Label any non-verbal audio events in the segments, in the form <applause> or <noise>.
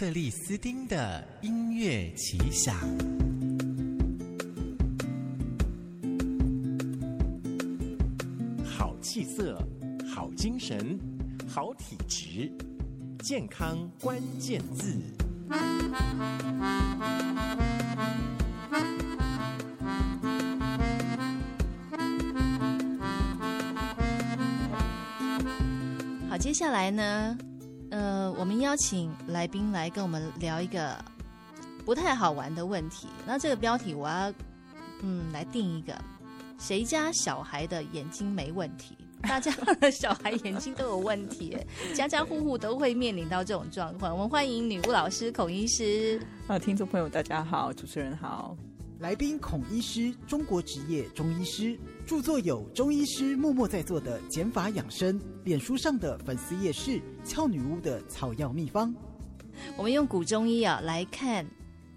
克里斯丁的音樂奇想，好氣色，好精神，好體質，健康關鍵字。好，接下來呢？呃，我們邀請來賓來跟我們聊一個不太好玩的問題。那這個標題我要嗯來定一個，誰家小孩的眼睛沒問題？大家的小孩眼睛都有問題， <laughs> 家家戶戶都會面臨到這種狀況。我們歡迎女巫老師、孔醫師啊，聽眾朋友大家好，主持人好。來賓孔醫師，中國職業中醫師，著作有《中醫師默默在做的減法養生》，臉書上的粉絲頁是“俏女巫”的草藥秘方。我們用古中醫啊來看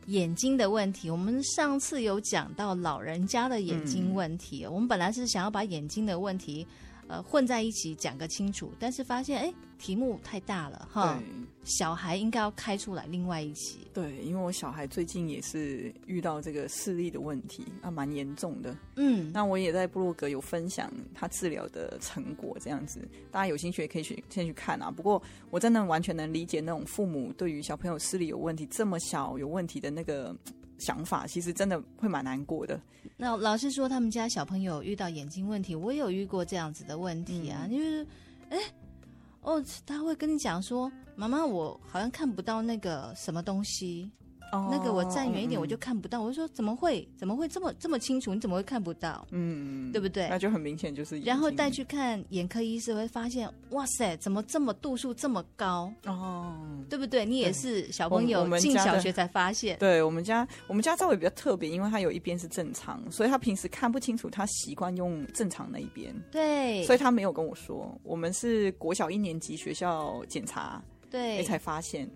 眼睛的問題。我們上次有講到老人家的眼睛問題，嗯、我們本來是想要把眼睛的問題。呃、混在一起講個清楚，但是發現哎、欸，題目太大了哈。小孩應該要開出來另外一集，對，因為我小孩最近也是遇到這個視力的問題啊，蠻嚴重的。嗯，那我也在部落格有分享他治療的成果，這樣子大家有興趣也可以去先去看啊。不過我真的完全能理解那種父母對於小朋友視力有問題這麼小有問題的那個。想法其實真的會蠻難過的。那老師說他們家小朋友遇到眼睛問題，我也有遇過這樣子的問題啊。嗯、就是，哎，欸，哦，他會跟你講說，媽媽，我好像看不到那個什麼東西。哦、那個我站遠一點我就看不到。嗯、我就說，怎麼會，怎麼會這麼，這麼清楚？你怎麼會看不到？嗯，對不對？那就很明顯就是，然後帶去看眼科醫師會發現，哇塞，怎麼這麼度數這麼高？哦，對不對？你也是小朋友進小學才發現。對，我們家我們家稍微比較特別，因為他有一邊是正常，所以他平時看不清楚，他習慣用正常那一邊。對，所以他沒有跟我說。我們是國小一年級學校檢查，對，才發現。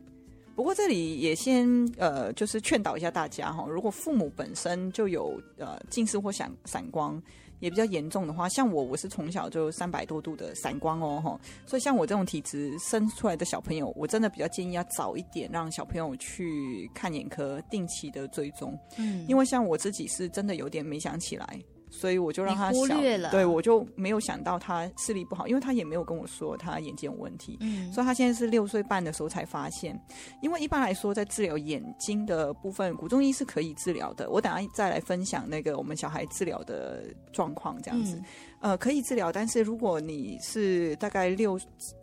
不過這裡也先呃，就是勸導一下大家哈，如果父母本身就有呃近視或閃散光也比較嚴重的話，像我我是從小就三百多度的散光哦，哦所以像我這種體質生出來的小朋友，我真的比較建議要早一點讓小朋友去看眼科，定期的追蹤，嗯，因為像我自己是真的有點沒想起來。所以我就讓他忽略了，對，我就沒有想到他視力不好，因為他也沒有跟我說他眼睛有問題，嗯，所以他現在是六歲半的時候才發現。因為一般來說，在治療眼睛的部分，古中醫是可以治療的。我等下再來分享那個我們小孩治療的狀況，這樣子、嗯，呃，可以治療，但是如果你是大概六、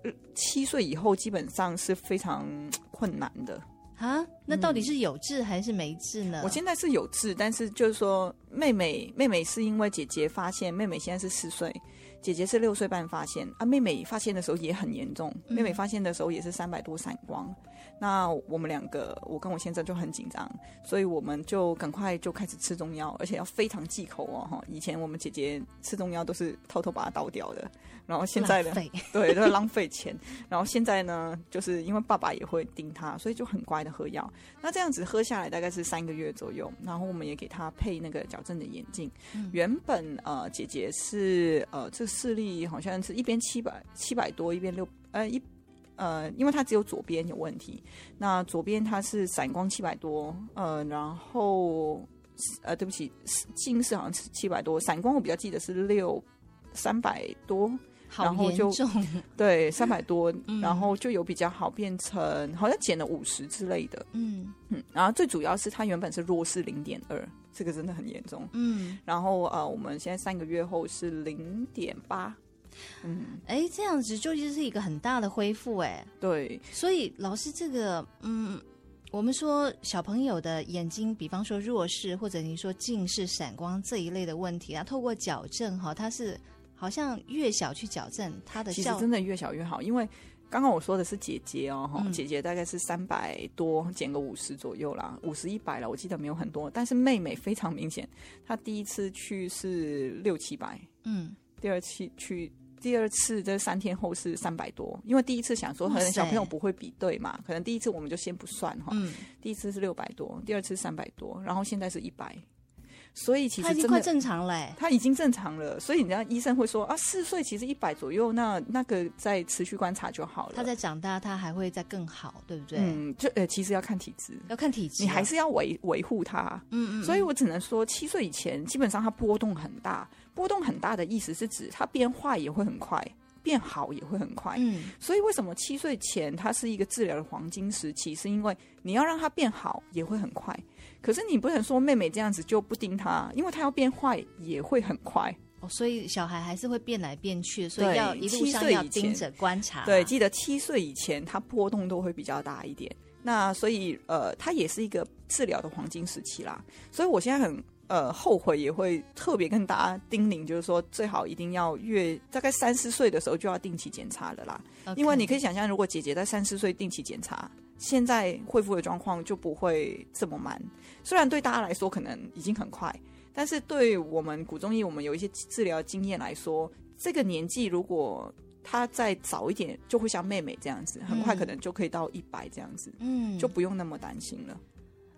呃、七歲以後，基本上是非常困難的。哈，那到底是有治還是沒治呢？嗯、我現在是有治，但是就是說。妹妹，妹妹是因為姐姐發現，妹妹現在是四歲，姐姐是六歲半發現啊。妹妹發現的時候也很嚴重，妹妹發現的時候也是三百多散光，嗯。那我們兩個，我跟我先生就很緊張，所以我們就趕快就開始吃中藥，而且要非常忌口哦。哈，以前我們姐姐吃中藥都是偷偷把它倒掉的，然後現在的對都、就是浪費錢。 <laughs> 然後現在呢，就是因為爸爸也會盯他，所以就很乖的喝藥。那這樣子喝下來大概是三個月左右，然後我們也給他配那個角真的眼鏡、嗯，原本呃，姐姐是呃，這個、視力好像是一邊七百七百多，一邊六呃一呃，因為她只有左邊有問題，那左邊她是散光七百多，呃，然後呃，對不起，近視好像是七百多，散光我比較記得是六三百多。然後就好嚴重，對，三百多， <laughs> 嗯、然後就有比較好，變成好像減了五十之類的，嗯嗯，然後最主要是它原本是弱視零點二，這個真的很嚴重，嗯，然後呃我們現在三個月後是零點八，嗯，哎這樣子就就是一個很大的恢復哎、欸，對，所以老師這個嗯，我們說小朋友的眼睛，比方說弱視或者你說近視閃光這一類的問題啊，透過矯正哈，它是。好像越小去矯正，它的效果其實真的越小越好。因為剛剛我說的是姐姐哦，嗯、姐姐大概是三百多減個五十左右啦，五十一百了，我記得沒有很多。但是妹妹非常明顯，她第一次去是六七百，嗯，第二次去第二次這三天後是三百多，因為第一次想說可能小朋友不會比對嘛，可能第一次我們就先不算哈、嗯，第一次是六百多，第二次三百多，然後現在是一百。所以其實他已經快正常了、欸，他已經正常了，所以你知道醫生會說啊，四歲其實一百左右，那那個再持續觀察就好了。他在長大，他還會再更好，對不對？嗯，就呃，其實要看體質，要看體質、啊，你還是要維維護他。嗯，嗯嗯。所以我只能說，七歲以前基本上他波動很大，波動很大的意思是指他變化也會很快。變好也會很快，嗯，所以為什麼七歲前它是一個治療的黃金時期？是因為你要讓它變好也會很快，可是你不能說妹妹這樣子就不盯它，因為他要變壞也會很快。哦，所以小孩還是會變來變去，所以要一路上要盯着觀察嗎？對，記得七歲以前它波動都會比較大一點，那所以呃，它也是一個治療的黃金時期啦。所以我現在很。呃，後悔也會特別跟大家叮嚀，就是說最好一定要約大概三四歲的時候就要定期檢查了啦。Okay. 因為你可以想象，如果姐姐在三四歲定期檢查，現在恢復的狀況就不會這麼慢。雖然對大家來說可能已經很快，但是對我們古中醫，我們有一些治療經驗來說，這個年紀如果她再早一點，就會像妹妹這樣子，很快可能就可以到一百這樣子，嗯，就不用那麼擔心了。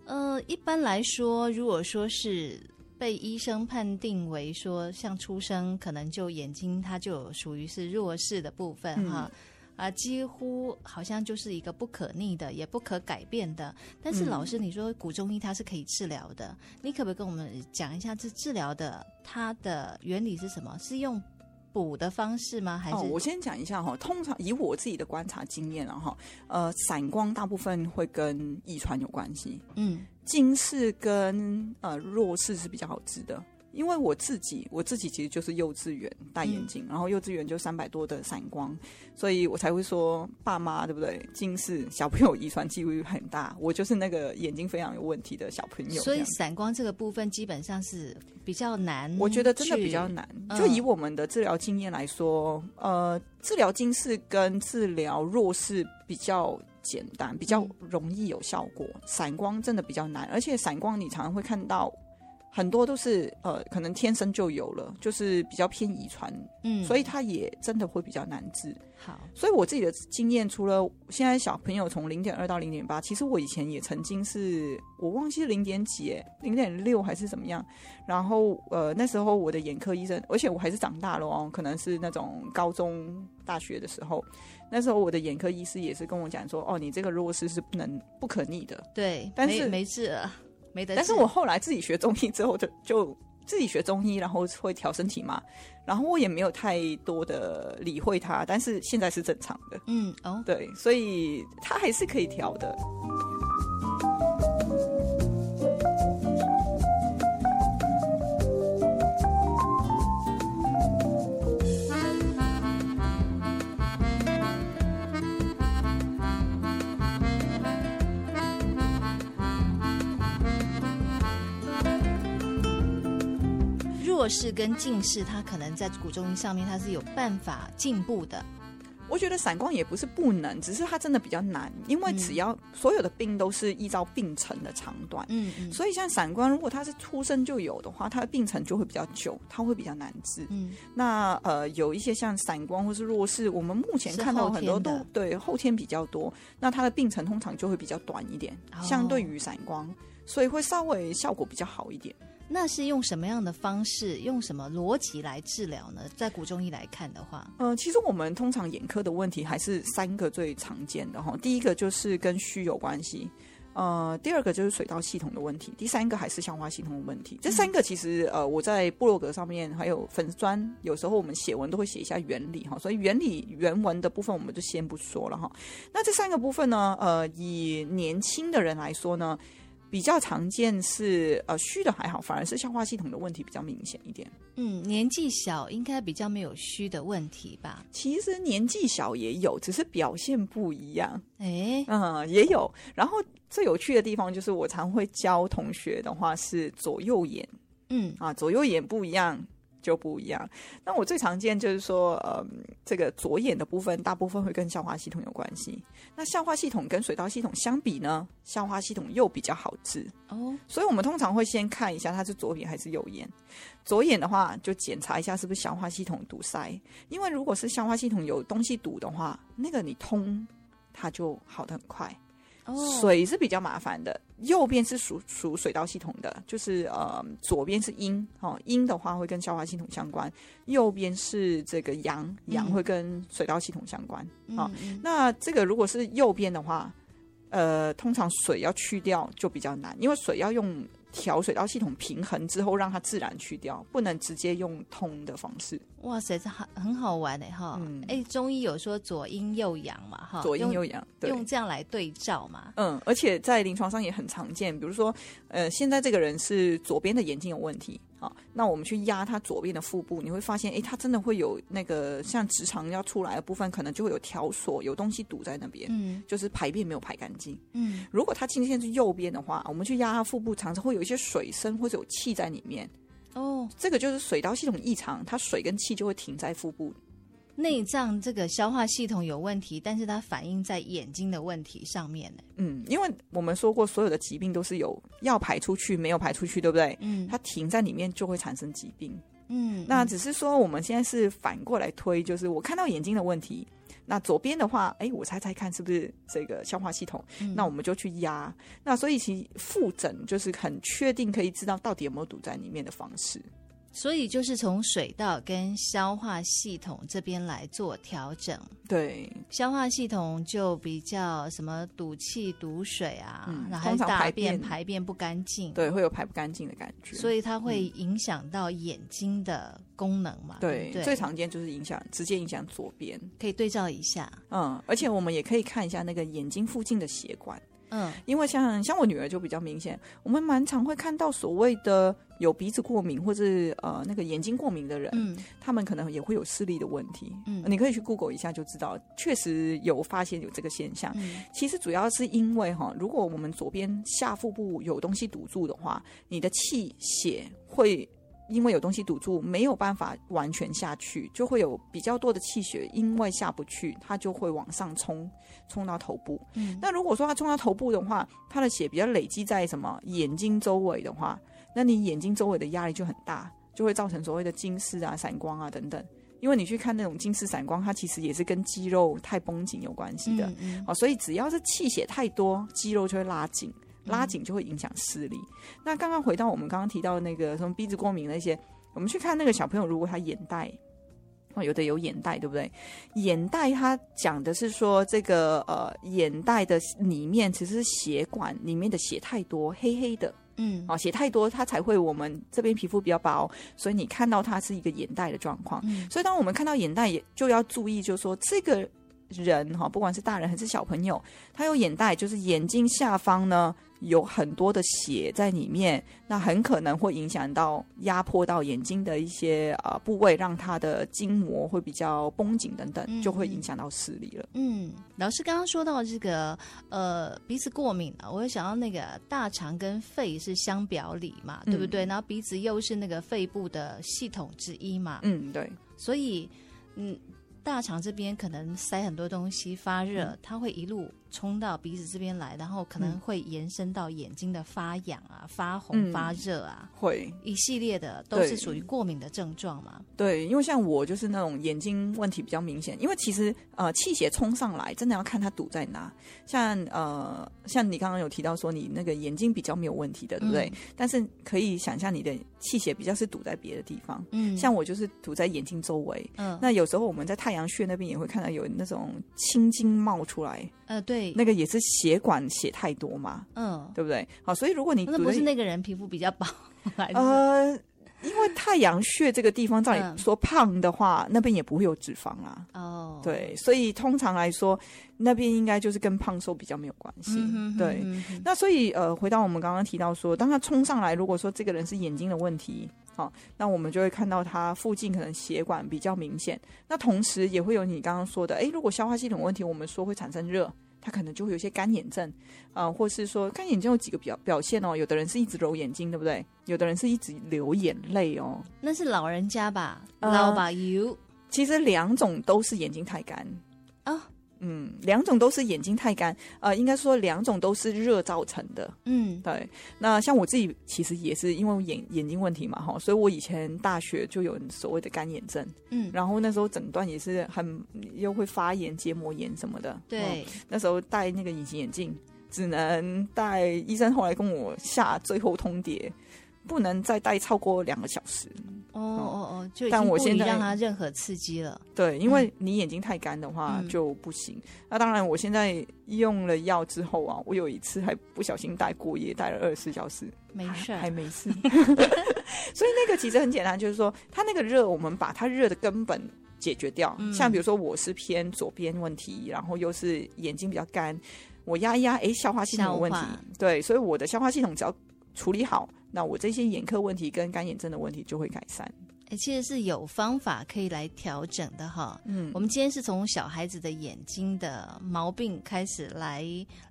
呃，一般來說，如果說是被醫生判定為說像出生，可能就眼睛它就屬於是弱視的部分哈、嗯，啊，幾乎好像就是一個不可逆的，也不可改變的。但是老師，你說古中醫它是可以治療的、嗯，你可不可以跟我們講一下這治療的它的原理是什麼？是用？補的方式嗎？還是哦？我先講一下哈。通常以我自己的觀察經驗了哈，呃，散光大部分會跟遺傳有關係。嗯，近視跟呃弱視是比較好治的。因為我自己，我自己其實就是幼稚園戴眼鏡，嗯，然後幼稚園就三百多的散光，所以我才會說，爸媽對不對？近視小朋友遺傳幾率很大，我就是那個眼睛非常有問題的小朋友。所以散光這個部分基本上是比較難，我覺得真的比較難。嗯，就以我們的治療經驗來說，呃，治療近視跟治療弱視比較簡單，比較容易有效果。嗯，散光真的比較難，而且散光你常常會看到。很多都是呃，可能天生就有了，就是比較偏遺傳，嗯，所以它也真的會比較難治。好，所以我自己的經驗，除了現在小朋友從零點二到零點八，其實我以前也曾經是，我忘記零點幾、欸，零點六還是怎麼樣？然後呃，那時候我的眼科醫生，而且我還是長大了哦，可能是那種高中、大學的時候，那時候我的眼科醫師也是跟我講說，哦，你這個弱視是不能不可逆的，對，但是沒治。沒治了。但是，我後來自己學中醫之後就，就就自己學中醫，然後會調身體嘛。然後我也沒有太多的理會他，但是現在是正常的。嗯，哦，對，所以他還是可以調的。弱視跟近視，它可能在古中醫上面，它是有辦法進步的。我覺得散光也不是不能，只是它真的比較難，因為只要所有的病都是依照病程的長短，嗯，嗯，所以像散光，如果它是出生就有的話，它的病程就會比較久，它會比較難治。嗯，那呃，有一些像散光或是弱視，我們目前看到很多都是後天的，對，後天比較多，那它的病程通常就會比較短一點，相、哦、對於散光，所以會稍微效果比較好一點。那是用什麼樣的方式，用什麼邏輯來治療呢？在古中醫來看的話，嗯、呃，其實我們通常眼科的問題還是三個最常見的哈。第一個就是跟虛有關係，呃，第二個就是水道系統的問題，第三個還是消化系統的問題。嗯、這三個其實呃，我在部落格上面還有粉專，有時候我們寫文都會寫一下原理哈。所以原理原文的部分我們就先不說了哈。那這三個部分呢，呃，以年輕的人來說呢？比較常見是呃虛的還好，反而是消化系統的問題比較明顯一點。嗯，年紀小應該比較沒有虛的問題吧？其實年紀小也有，只是表現不一樣。哎，欸，嗯，也有。然後最有趣的地方就是我常會教同學的話是左右眼。嗯，啊，左右眼不一樣。就不一樣。那我最常見就是說，嗯，這個左眼的部分大部分會跟消化系統有關係。那消化系統跟水道系統相比呢，消化系統又比較好治哦。Oh. 所以我們通常會先看一下它是左眼還是右眼。左眼的話，就檢查一下是不是消化系統堵塞。因為如果是消化系統有東西堵的話，那個你通它就好得很快。哦，水是比較麻煩的。右邊是屬屬水道系統的，就是呃，左邊是陰哦，陰的話會跟消化系統相關；右邊是這個陽，陽會跟水道系統相關。好、嗯嗯哦，那這個如果是右邊的話，呃，通常，水要去掉就比較難，因為水要用。調水到系統平衡之後，讓它自然去掉，不能直接用通的方式。哇塞，這很很好玩的哈！哎、嗯欸，中醫有說左陰右陽嘛哈？左陰右陽，對。用這樣來對照嘛？嗯，而且在臨床上也很常見，比如說，呃，現在這個人是左邊的眼睛有問題。好，那我們去壓他左邊的腹部，你會發現，哎、欸，他真的會有那個像直腸要出來的部分，可能就會有條索，有東西堵在那邊，嗯，就是排便沒有排乾淨，嗯。如果他傾向是右邊的話，我們去壓他腹部，常常會有一些水聲或者有氣在裡面，哦，這個就是水道系統異常，它水跟氣就會停在腹部。內臟這個消化系統有問題，但是它反映在眼睛的問題上面呢、欸。嗯，因為我們說過，所有的疾病都是有要排出去，沒有排出去，對不對？嗯，它停在裡面就會產生疾病。嗯，嗯，那只是說我們現在是反過來推，就是我看到眼睛的問題，那左邊的話，哎、欸，我猜猜看是不是這個消化系統？嗯、那我們就去壓。那所以其實復診就是很確定可以知道到底有沒有堵在裡面的方式。所以就是從水道跟消化系統這邊來做調整。對，消化系統就比較什麼堵氣、堵水啊，然後大便排便不乾淨，對，會有排不乾淨的感覺。所以它會影響到眼睛的功能嘛？嗯，對，對，對，最常見就是影響，直接影響左邊。可以對照一下。嗯，而且我們也可以看一下那個眼睛附近的血管。嗯，因為像像我女兒就比較明顯，我們蠻常會看到所謂的有鼻子過敏或是呃那個眼睛過敏的人，嗯，他們可能也會有視力的問題，嗯，你可以去 Google 一下就知道，確實有發現有這個現象。嗯，其實主要是因為哈，如果我們左邊下腹部有東西堵住的話，你的氣血會。因為有東西堵住，沒有辦法完全下去，就會有比較多的氣血，因為下不去，它就會往上衝，衝到頭部。嗯。那如果說它衝到頭部的話，它的血比較累積在什麼眼睛周圍的話，那你眼睛周圍的壓力就很大，就會造成所謂的近視啊、散光啊等等。因為你去看那種近視、散光，它其實也是跟肌肉太繃緊有關係的。嗯。哦，所以只要是氣血太多，肌肉就會拉緊。拉緊就會影響視力。那剛剛回到我們剛剛提到的那個什麼鼻子過敏那些，我們去看那個小朋友，如果他眼袋、哦，有的有眼袋，對不對？眼袋他講的是說，這個呃，眼袋的裡面其實是血管裡面的血太多，黑黑的，嗯，哦，血太多，他才會，我們這邊皮膚比較薄，所以你看到它是一個眼袋的狀況。嗯。所以當我們看到眼袋也就要注意，就是說，這個人哈，哦，不管是大人還是小朋友，他有眼袋，就是眼睛下方呢，有很多的血在裡面，那很可能會影響到壓迫到眼睛的一些啊、呃、部位，讓它的筋膜會比較繃緊等等，嗯、就會影響到視力了嗯。嗯，老師剛剛說到這個呃鼻子過敏啊，我想到那個大腸跟肺是相表裡嘛、嗯，對不對？然後鼻子又是那個肺部的系統之一嘛，嗯，對，所以嗯。大腸這邊可能塞很多東西，發熱、嗯，它會一路衝到鼻子這邊來，然後可能會延伸到眼睛的發癢啊、發紅、嗯、發熱啊，會一系列的都是屬於過敏的症狀嘛？對，因為像我就是那種眼睛問題比較明顯，因為其實呃氣血衝上來，真的要看它堵在哪。像呃像你剛剛有提到說你那個眼睛比較沒有問題的，對不對？嗯，但是可以想象你的氣血比較是堵在別的地方，嗯，像我就是堵在眼睛周圍，嗯，那有時候我們在太陽。陽穴那邊也會看到有那種青筋冒出來，呃，對，那個也是血管血太多嘛，嗯，對不對？好，所以如果你讀得、啊、那不是那個人皮膚比較薄，呃，因為太陽穴這個地方，照理說胖的話，嗯、那邊也不會有脂肪啊。哦，對，所以通常來說，那邊應該就是跟胖瘦比較沒有關係。嗯、哼哼哼哼，對，那所以呃，回到我們剛剛提到說，當他衝上來，如果說這個人是眼睛的問題。好，哦，那我們就會看到它附近可能血管比較明顯。那同時也會有你剛剛說的，哎，如果消化系統問題，我們說會產生熱，它可能就會有些乾眼症，啊，呃，或是說乾眼症有幾個表表現哦，有的人是一直揉眼睛，對不對？有的人是一直流眼淚哦，那是老人家吧，老吧，you，呃，其實兩種都是眼睛太乾。嗯，兩種都是眼睛太乾，呃，應該說兩種都是熱造成的。嗯，對。那像我自己其實也是因為我眼眼睛問題嘛，哈，所以我以前大學就有所謂的乾眼症。嗯，然後那時候診斷也是很又會發炎、結膜炎什麼的。對，嗯、那時候戴那個隱形眼鏡，只能戴。醫生後來跟我下最後通牒，不能再戴超過兩個小時。哦哦哦！但我現在讓他任何刺激了。對，因為你眼睛太乾的話就不行。嗯、那當然，我現在用了藥之後啊，我有一次還不小心戴過夜，戴了二十四小時，沒事，還，還沒事。 <laughs> <laughs> 所以那個其實很簡單，就是說，它那個熱，我們把它熱的根本解決掉。嗯、像比如說，我是偏左邊問題，然後又是眼睛比較乾，我壓一壓，哎、欸，消化系統有問題。對，所以我的消化系統只要處理好，那我這些眼科問題跟乾眼症的問題就會改善。哎，其實是有方法可以來調整的哈。嗯，我們今天是從小孩子的眼睛的毛病開始來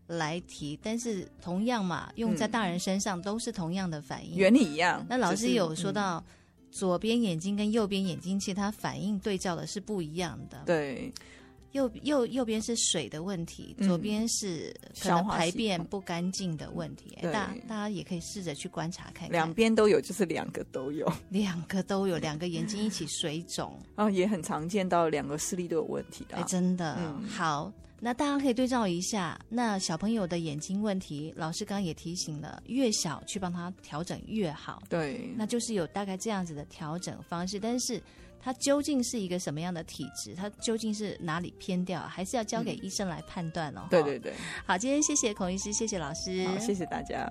來提，但是同樣嘛，用在大人身上都是同樣的反應，嗯、原理一樣。那老師有說到、就是嗯，左邊眼睛跟右邊眼睛其實它反應對照的是不一樣的。對。右右右邊是水的問題，嗯、左邊是可能排便不乾淨的問題、欸大。對，大家也可以試着去觀察看看，兩邊都有，就是兩個都有，兩個都有，兩 <laughs> 個眼睛一起水腫。後、哦、也很常見到兩個視力都有問題的、啊。哎、欸，真的、嗯、好。那大家可以對照一下，那小朋友的眼睛問題，老師剛剛也提醒了，越小去幫他調整越好。對，那就是有大概這樣子的調整方式，但是他究竟是一個什麼樣的體質，他究竟是哪裡偏掉，還是要交給醫生來判斷哦。嗯、對對對。好，今天謝謝孔醫師，謝謝老師，好，謝謝大家。